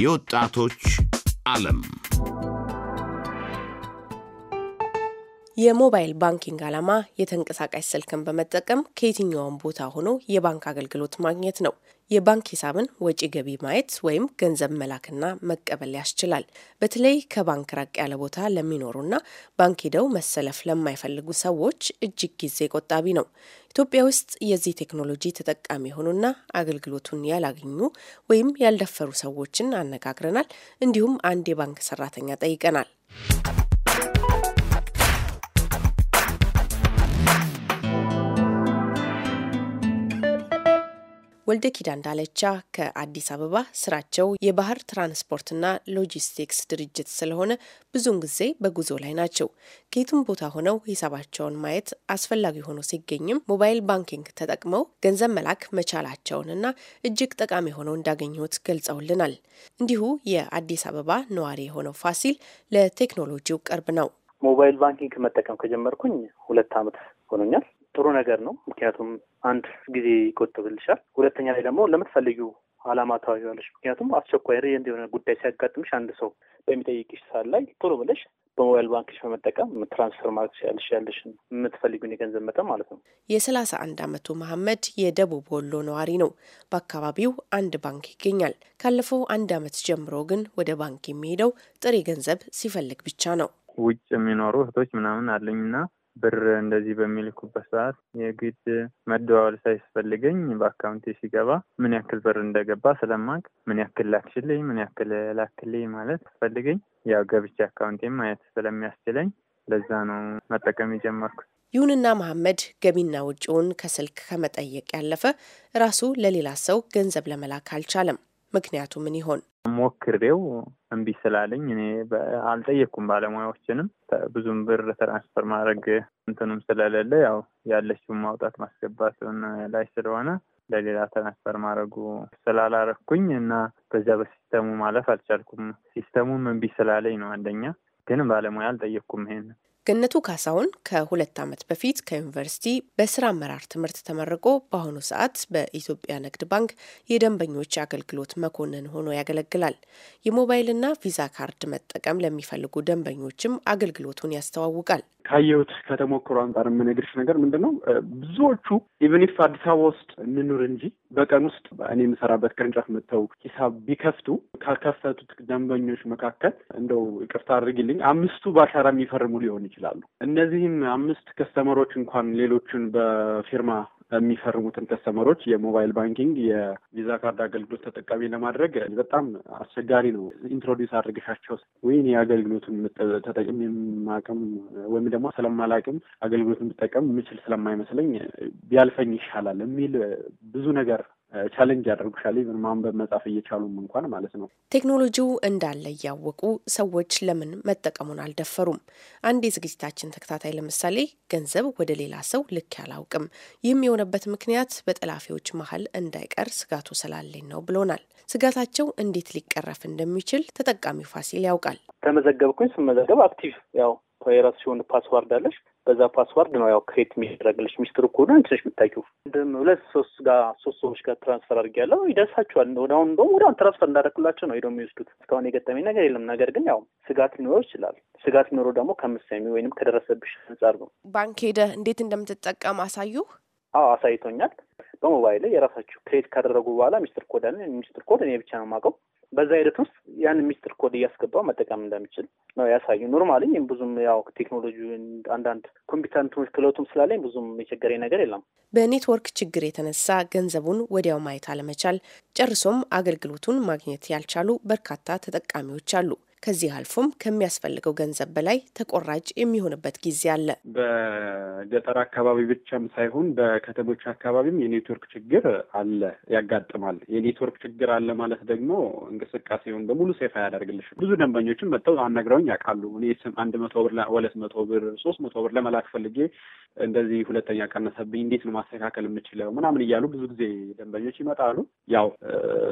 የወጣቶች ዓለም የሞባይል ባንኪንግ ዓላማ የተንቀሳቃሽ ስልክን በመጠቀም ከየትኛውም ቦታ ሆኖ የባንክ አገልግሎት ማግኘት ነው። የባንክ ሂሳብን ወጪ ገቢ ማየት ወይም ገንዘብ መላክና መቀበል ያስችላል። በተለይ ከባንክ ራቅ ያለ ቦታ ለሚኖሩና ባንክ ሄደው መሰለፍ ለማይፈልጉ ሰዎች እጅግ ጊዜ ቆጣቢ ነው። ኢትዮጵያ ውስጥ የዚህ ቴክኖሎጂ ተጠቃሚ የሆኑና አገልግሎቱን ያላገኙ ወይም ያልደፈሩ ሰዎችን አነጋግረናል። እንዲሁም አንድ የባንክ ሰራተኛ ጠይቀናል። ወልደ ኪዳን ዳለቻ ከአዲስ አበባ ስራቸው የባህር ትራንስፖርትና ሎጂስቲክስ ድርጅት ስለሆነ ብዙውን ጊዜ በጉዞ ላይ ናቸው። ከየቱም ቦታ ሆነው ሂሳባቸውን ማየት አስፈላጊ ሆኖ ሲገኝም ሞባይል ባንኪንግ ተጠቅመው ገንዘብ መላክ መቻላቸውንና እጅግ ጠቃሚ ሆነው እንዳገኙት ገልጸውልናል። እንዲሁ የአዲስ አበባ ነዋሪ የሆነው ፋሲል ለቴክኖሎጂው ቅርብ ነው። ሞባይል ባንኪንግ መጠቀም ከጀመርኩኝ ሁለት ዓመት ሆኖኛል። ጥሩ ነገር ነው። ምክንያቱም አንድ ጊዜ ይቆጥብልሻል። ሁለተኛ ላይ ደግሞ ለምትፈልጊው አላማ ታዋዋለሽ። ምክንያቱም አስቸኳይ ርጀንት የሆነ ጉዳይ ሲያጋጥምሽ አንድ ሰው በሚጠይቅሽ ሰዓት ላይ ቶሎ ብለሽ በሞባይል ባንክሽ በመጠቀም ትራንስፈር ማለት ያለሽ ያለሽ የምትፈልጊውን የገንዘብ መጠን ማለት ነው። የሰላሳ አንድ አመቱ መሐመድ የደቡብ ወሎ ነዋሪ ነው። በአካባቢው አንድ ባንክ ይገኛል። ካለፈው አንድ አመት ጀምሮ ግን ወደ ባንክ የሚሄደው ጥሬ ገንዘብ ሲፈልግ ብቻ ነው። ውጭ የሚኖሩ እህቶች ምናምን አለኝና ብር እንደዚህ በሚልኩበት ሰዓት የግድ መደዋወል ሳይስፈልገኝ በአካውንቴ ሲገባ ምን ያክል ብር እንደገባ ስለማቅ ምን ያክል ላክሽልኝ፣ ምን ያክል ላክልኝ ማለት ስፈልገኝ ያው ገብቼ አካውንቴን ማየት ስለሚያስችለኝ ለዛ ነው መጠቀም የጀመርኩት። ይሁንና መሐመድ ገቢና ውጪውን ከስልክ ከመጠየቅ ያለፈ ራሱ ለሌላ ሰው ገንዘብ ለመላክ አልቻለም። ምክንያቱ ምን ይሆን? ሞክሬው እምቢ ስላለኝ እኔ አልጠየቅኩም። ባለሙያዎችንም ብዙም ብር ትራንስፈር ማድረግ እንትኑም ስለሌለ ያው ያለችውን ማውጣት ማስገባትን ላይ ስለሆነ ለሌላ ትራንስፈር ማድረጉ ስላላረኩኝ እና በዛ በሲስተሙ ማለፍ አልቻልኩም። ሲስተሙም እምቢ ስላለኝ ነው። አንደኛ ግን ባለሙያ አልጠየቅኩም ይሄን ገነቱ ካሳሁን ከሁለት ዓመት በፊት ከዩኒቨርሲቲ በስራ አመራር ትምህርት ተመርቆ በአሁኑ ሰዓት በኢትዮጵያ ንግድ ባንክ የደንበኞች አገልግሎት መኮንን ሆኖ ያገለግላል። የሞባይልና ቪዛ ካርድ መጠቀም ለሚፈልጉ ደንበኞችም አገልግሎቱን ያስተዋውቃል። ካየሁት ከተሞክሮ አንጻር የምነግርሽ ነገር ምንድን ነው ብዙዎቹ ኢቨን ኢፍ አዲስ አበባ ውስጥ እንኑር እንጂ በቀን ውስጥ እኔ የምሰራበት ቅርንጫፍ መጥተው ሂሳብ ቢከፍቱ ካከፈቱት ደንበኞች መካከል እንደው ይቅርታ አድርግልኝ አምስቱ በአሻራ የሚፈርሙ ሊሆን ይችላሉ። እነዚህም አምስት ከስተመሮች እንኳን ሌሎቹን በፊርማ የሚፈርሙትን ከስተመሮች የሞባይል ባንኪንግ የቪዛ ካርድ አገልግሎት ተጠቃሚ ለማድረግ በጣም አስቸጋሪ ነው። ኢንትሮዲውስ አድርገሻቸው ወይም የአገልግሎቱን ተጠቅም የማቅም ወይም ደግሞ ስለማላቅም አገልግሎቱን ብጠቀም የምችል ስለማይመስለኝ ቢያልፈኝ ይሻላል የሚል ብዙ ነገር ቻሌንጅ ያደርጉሻል። ኢቨን ማንበብ መጻፍ እየቻሉም እንኳን ማለት ነው። ቴክኖሎጂው እንዳለ እያወቁ ሰዎች ለምን መጠቀሙን አልደፈሩም? አንድ የዝግጅታችን ተከታታይ ለምሳሌ ገንዘብ ወደ ሌላ ሰው ልክ አላውቅም፣ ይህም የሆነበት ምክንያት በጠላፊዎች መሀል እንዳይቀር ስጋቱ ስላለኝ ነው ብሎናል። ስጋታቸው እንዴት ሊቀረፍ እንደሚችል ተጠቃሚው ፋሲል ያውቃል። ተመዘገብኩኝ። ስመዘገብ አክቲቭ ያው የራስሽ የሆነ ፓስዋርድ አለሽ። በዛ ፓስዋርድ ነው ያው ክሬት የሚደረግልሽ ሚስጥር እኮ ነው እንትነሽ የምታውቂው። አንድም ሁለት ሶስት ጋር ሶስት ሰዎች ጋር ትራንስፈር አድርጌያለሁ። ይደርሳቸዋል። ወደ አሁን እንደውም ወደ አሁን ትራንስፈር እንዳደረግላቸው ነው ሄደው የሚወስዱት። እስካሁን የገጠመኝ ነገር የለም። ነገር ግን ያው ስጋት ሊኖረው ይችላል። ስጋት ሊኖረ ደግሞ ከምሰሚ ወይንም ከደረሰብሽ አንጻር ነው። ባንክ ሄደህ እንዴት እንደምትጠቀም አሳዩ። አዎ አሳይቶኛል። በሞባይል ላይ የራሳችሁ ክሬት ካደረጉ በኋላ ሚስትር ኮድ አለ። ሚስጥር ኮድ እኔ ብቻ ነው የማውቀው። በዛ ሂደት ውስጥ ያን ሚስጥር ኮድ እያስገባው መጠቀም እንደሚችል ነው ያሳዩ። ኖርማሊ ብዙም ያው ቴክኖሎጂ አንዳንድ ኮምፒውተር እንትኖች ክለቱም ስላለኝ ብዙም የቸገረኝ ነገር የለም። በኔትወርክ ችግር የተነሳ ገንዘቡን ወዲያው ማየት አለመቻል፣ ጨርሶም አገልግሎቱን ማግኘት ያልቻሉ በርካታ ተጠቃሚዎች አሉ። ከዚህ አልፎም ከሚያስፈልገው ገንዘብ በላይ ተቆራጭ የሚሆንበት ጊዜ አለ። በገጠር አካባቢ ብቻም ሳይሆን በከተሞች አካባቢም የኔትወርክ ችግር አለ፣ ያጋጥማል። የኔትወርክ ችግር አለ ማለት ደግሞ እንቅስቃሴውን በሙሉ ሴፋ ያደርግልሽ። ብዙ ደንበኞችም መጥተው አነግረውኝ ያውቃሉ። እኔ ስም አንድ መቶ ብር ሁለት መቶ ብር ሶስት መቶ ብር ለመላክ ፈልጌ እንደዚህ ሁለተኛ ቀነሰብኝ፣ እንዴት ነው ማስተካከል የምችለው ምናምን እያሉ ብዙ ጊዜ ደንበኞች ይመጣሉ። ያው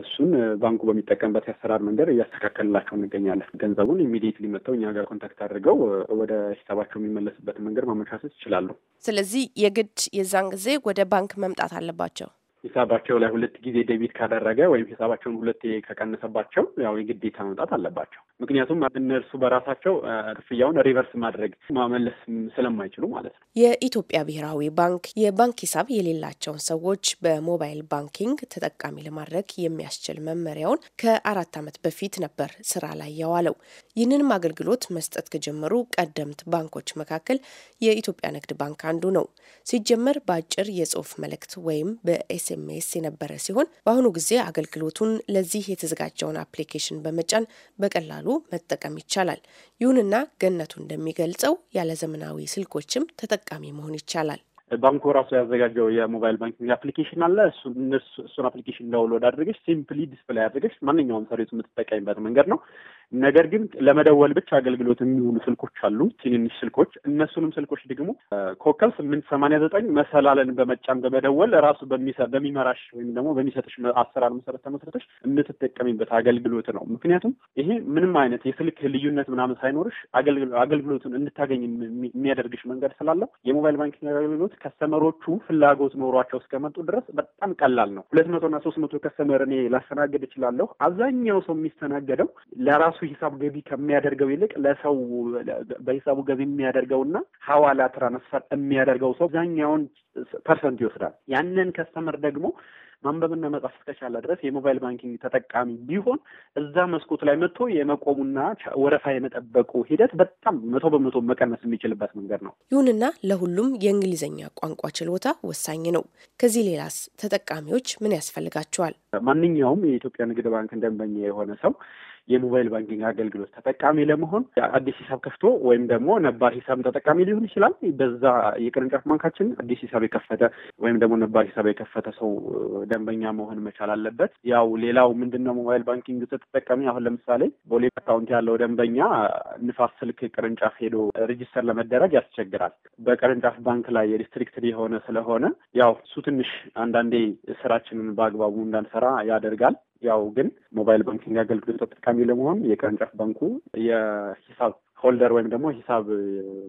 እሱን ባንኩ በሚጠቀምበት የአሰራር መንገድ እያስተካከልላቸው እንገኛለን። ገንዘቡን ኢሚዲየትሊ መጥተው እኛ ጋር ኮንታክት አድርገው ወደ ሂሳባቸው የሚመለስበትን መንገድ ማመቻቸት ይችላሉ። ስለዚህ የግድ የዛን ጊዜ ወደ ባንክ መምጣት አለባቸው። ሂሳባቸው ላይ ሁለት ጊዜ ደቢት ካደረገ ወይም ሂሳባቸውን ሁለት ከቀነሰባቸው ያው የግዴታ መምጣት አለባቸው። ምክንያቱም እነርሱ በራሳቸው ክፍያውን ሪቨርስ ማድረግ ማመለስ ስለማይችሉ ማለት ነው። የኢትዮጵያ ብሔራዊ ባንክ የባንክ ሂሳብ የሌላቸውን ሰዎች በሞባይል ባንኪንግ ተጠቃሚ ለማድረግ የሚያስችል መመሪያውን ከአራት ዓመት በፊት ነበር ስራ ላይ የዋለው። ይህንንም አገልግሎት መስጠት ከጀመሩ ቀደምት ባንኮች መካከል የኢትዮጵያ ንግድ ባንክ አንዱ ነው። ሲጀመር በአጭር የጽሁፍ መልእክት ወይም በኤስ ኤስኤምኤስ የነበረ ሲሆን በአሁኑ ጊዜ አገልግሎቱን ለዚህ የተዘጋጀውን አፕሊኬሽን በመጫን በቀላሉ መጠቀም ይቻላል። ይሁንና ገነቱ እንደሚገልጸው ያለ ዘመናዊ ስልኮችም ተጠቃሚ መሆን ይቻላል። ባንኩ ራሱ ያዘጋጀው የሞባይል ባንኪንግ አፕሊኬሽን አለ። እሱን አፕሊኬሽን ዳውንሎድ አድርገሽ ሲምፕሊ ዲስፕላይ አድርገሽ ማንኛውም ሰርቪስ የምትጠቀሚበት መንገድ ነው። ነገር ግን ለመደወል ብቻ አገልግሎት የሚውሉ ስልኮች አሉ፣ ትንንሽ ስልኮች። እነሱንም ስልኮች ደግሞ ኮከብ ስምንት ሰማንያ ዘጠኝ መሰላለን በመጫን በመደወል ራሱ በሚመራሽ ወይም ደግሞ በሚሰጥሽ አሰራር መሰረት ተመስረተሽ የምትጠቀሚበት አገልግሎት ነው። ምክንያቱም ይሄ ምንም አይነት የስልክ ልዩነት ምናምን ሳይኖርሽ አገልግሎቱን እንድታገኝ የሚያደርግሽ መንገድ ስላለው የሞባይል ባንኪንግ አገልግሎት ከስተመሮቹ ፍላጎት ኖሯቸው እስከመጡ ድረስ በጣም ቀላል ነው። ሁለት መቶና ሶስት መቶ ከስተመር እኔ ላስተናገድ እችላለሁ። አብዛኛው ሰው የሚስተናገደው ለራሱ ሂሳብ ገቢ ከሚያደርገው ይልቅ ለሰው በሂሳቡ ገቢ የሚያደርገውና ሀዋላ ትራንስፈር የሚያደርገው ሰው አብዛኛውን ፐርሰንት ይወስዳል። ያንን ከስተመር ደግሞ ማንበብና መጻፍ እስከቻለ ድረስ የሞባይል ባንኪንግ ተጠቃሚ ቢሆን እዛ መስኮት ላይ መጥቶ የመቆሙና ወረፋ የመጠበቁ ሂደት በጣም መቶ በመቶ መቀነስ የሚችልበት መንገድ ነው። ይሁንና ለሁሉም የእንግሊዝኛ ቋንቋ ችሎታ ወሳኝ ነው። ከዚህ ሌላስ ተጠቃሚዎች ምን ያስፈልጋቸዋል? ማንኛውም የኢትዮጵያ ንግድ ባንክ ደንበኛ የሆነ ሰው የሞባይል ባንኪንግ አገልግሎት ተጠቃሚ ለመሆን አዲስ ሂሳብ ከፍቶ ወይም ደግሞ ነባር ሂሳብ ተጠቃሚ ሊሆን ይችላል። በዛ የቅርንጫፍ ባንካችን አዲስ ሂሳብ የከፈተ ወይም ደግሞ ነባር ሂሳብ የከፈተ ሰው ደንበኛ መሆን መቻል አለበት። ያው ሌላው ምንድነው ሞባይል ባንኪንግ ስትጠቀሚ አሁን ለምሳሌ ቦሌ አካውንት ያለው ደንበኛ ንፋስ ስልክ ቅርንጫፍ ሄዶ ሬጅስተር ለመደረግ ያስቸግራል። በቅርንጫፍ ባንክ ላይ የዲስትሪክት የሆነ ስለሆነ ያው እሱ ትንሽ አንዳንዴ ስራችንን በአግባቡ እንዳንሰራ ያደርጋል። ያው ግን ሞባይል ባንኪንግ አገልግሎት ተጠቃሚ ለመሆን የቅርንጫፍ ባንኩ የሂሳብ ሆልደር ወይም ደግሞ ሂሳብ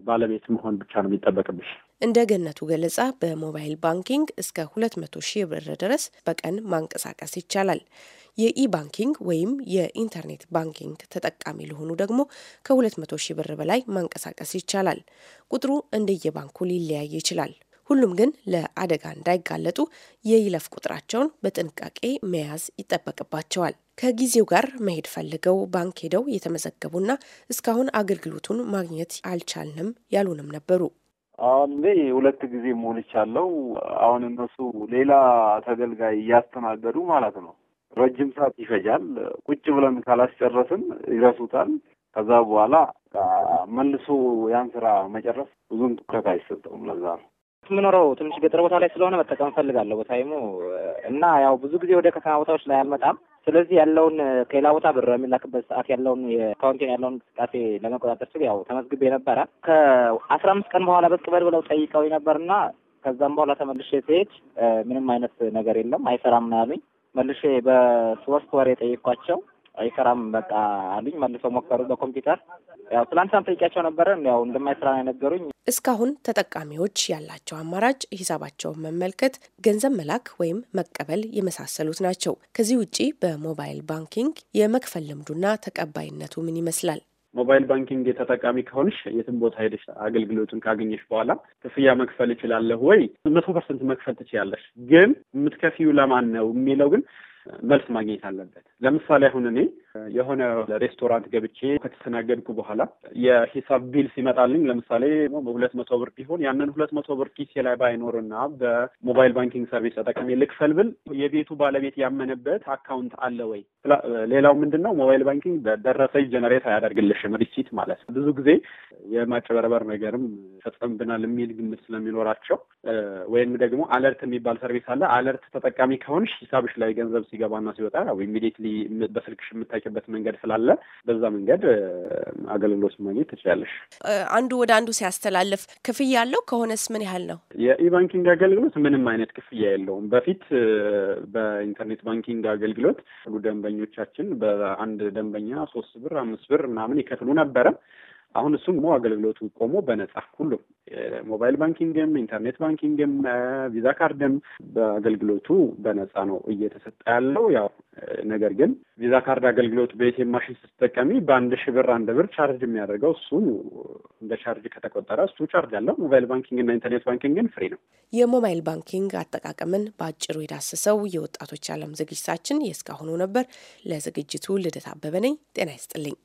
ባለቤት መሆን ብቻ ነው የሚጠበቅብሽ። እንደ ገነቱ ገለጻ በሞባይል ባንኪንግ እስከ ሁለት መቶ ሺህ ብር ድረስ በቀን ማንቀሳቀስ ይቻላል። የኢባንኪንግ ወይም የኢንተርኔት ባንኪንግ ተጠቃሚ ለሆኑ ደግሞ ከ መቶ ሺህ ብር በላይ ማንቀሳቀስ ይቻላል። ቁጥሩ እንደየባንኩ ሊለያይ ይችላል። ሁሉም ግን ለአደጋ እንዳይጋለጡ የይለፍ ቁጥራቸውን በጥንቃቄ መያዝ ይጠበቅባቸዋል። ከጊዜው ጋር መሄድ ፈልገው ባንክ ሄደው የተመዘገቡና እስካሁን አገልግሎቱን ማግኘት አልቻልንም ያሉንም ነበሩ። አሁን ላይ ሁለት ጊዜ ሞልቻለሁ። አሁን እነሱ ሌላ ተገልጋይ እያስተናገዱ ማለት ነው። ረጅም ሰዓት ይፈጃል። ቁጭ ብለን ካላስጨረስን ይረሱታል። ከዛ በኋላ መልሶ ያን ስራ መጨረስ ብዙም ትኩረት አይሰጠውም። ለዛ ነው የምኖረው ትንሽ ገጠር ቦታ ላይ ስለሆነ መጠቀም እፈልጋለሁ በታይሙ እና ያው ብዙ ጊዜ ወደ ከተማ ቦታዎች ላይ አልመጣም። ስለዚህ ያለውን ከሌላ ቦታ ብር የሚላክበት ሰዓት ያለውን የካውንቲን ያለውን እንቅስቃሴ ለመቆጣጠር ስል ያው ተመዝግቤ ነበረ። ከአስራ አምስት ቀን በኋላ በቅበል ብለው ጠይቀው ነበርና ከዛም በኋላ ተመልሼ ስሄድ ምንም አይነት ነገር የለም አይሰራም ነው ያሉኝ። መልሼ በሶስት ወር የጠየኳቸው አይሰራም በቃ አሉኝ። መልሰው ሞከሩ በኮምፒውተር ያው ትላንትናም ጠይቂያቸው ነበረ ያው እንደማይሰራ ነው የነገሩኝ። እስካሁን ተጠቃሚዎች ያላቸው አማራጭ ሂሳባቸውን መመልከት፣ ገንዘብ መላክ ወይም መቀበል የመሳሰሉት ናቸው። ከዚህ ውጪ በሞባይል ባንኪንግ የመክፈል ልምዱና ተቀባይነቱ ምን ይመስላል? ሞባይል ባንኪንግ ተጠቃሚ ከሆንሽ የትም ቦታ ሄደሽ አገልግሎቱን ካገኘሽ በኋላ ክፍያ መክፈል እችላለሁ ወይ መቶ ፐርሰንት መክፈል ትችላለሽ። ግን የምትከፊው ለማን ነው የሚለው ግን መልስ ማግኘት አለበት። ለምሳሌ አሁን እኔ የሆነ ሬስቶራንት ገብቼ ከተስተናገድኩ በኋላ የሂሳብ ቢል ሲመጣልኝ ለምሳሌ በሁለት መቶ ብር ቢሆን ያንን ሁለት መቶ ብር ኪሴ ላይ ባይኖርና በሞባይል ባንኪንግ ሰርቪስ ተጠቅሜ ልክፈል ብል የቤቱ ባለቤት ያመነበት አካውንት አለ ወይ? ሌላው ምንድን ነው ሞባይል ባንኪንግ በደረሰኝ ጀነሬት አያደርግልሽም ሪሲት ማለት ነው። ብዙ ጊዜ የማጭበርበር ነገርም ፈጸምብናል የሚል ግምት ስለሚኖራቸው ወይም ደግሞ አለርት የሚባል ሰርቪስ አለ። አለርት ተጠቃሚ ከሆንሽ ሂሳብሽ ላይ ገንዘብ ሲገባና ሲወጣ ኢሚዲየትሊ በስልክሽ የምታ የምታይበት መንገድ ስላለ በዛ መንገድ አገልግሎት ማግኘት ትችላለሽ። አንዱ ወደ አንዱ ሲያስተላልፍ ክፍያ አለው ከሆነስ ምን ያህል ነው? የኢባንኪንግ አገልግሎት ምንም አይነት ክፍያ የለውም። በፊት በኢንተርኔት ባንኪንግ አገልግሎት ደንበኞቻችን በአንድ ደንበኛ ሶስት ብር አምስት ብር ምናምን ይከፍሉ ነበረ። አሁን እሱም ሞ አገልግሎቱ ቆሞ በነጻ ሁሉም ሞባይል ባንኪንግም ኢንተርኔት ባንኪንግም ቪዛ ካርድም በአገልግሎቱ በነጻ ነው እየተሰጠ ያለው። ያው ነገር ግን ቪዛ ካርድ አገልግሎት በኤቲኤም ማሽን ስትጠቀሚ በአንድ ሺህ ብር አንድ ብር ቻርጅ የሚያደርገው እሱ እንደ ቻርጅ ከተቆጠረ እሱ ቻርጅ አለው። ሞባይል ባንኪንግ እና ኢንተርኔት ባንኪንግ ግን ፍሪ ነው። የሞባይል ባንኪንግ አጠቃቀምን በአጭሩ የዳሰሰው የወጣቶች ዓለም ዝግጅታችን የእስካሁኑ ነበር። ለዝግጅቱ ልደት አበበ ነኝ። ጤና ይስጥልኝ።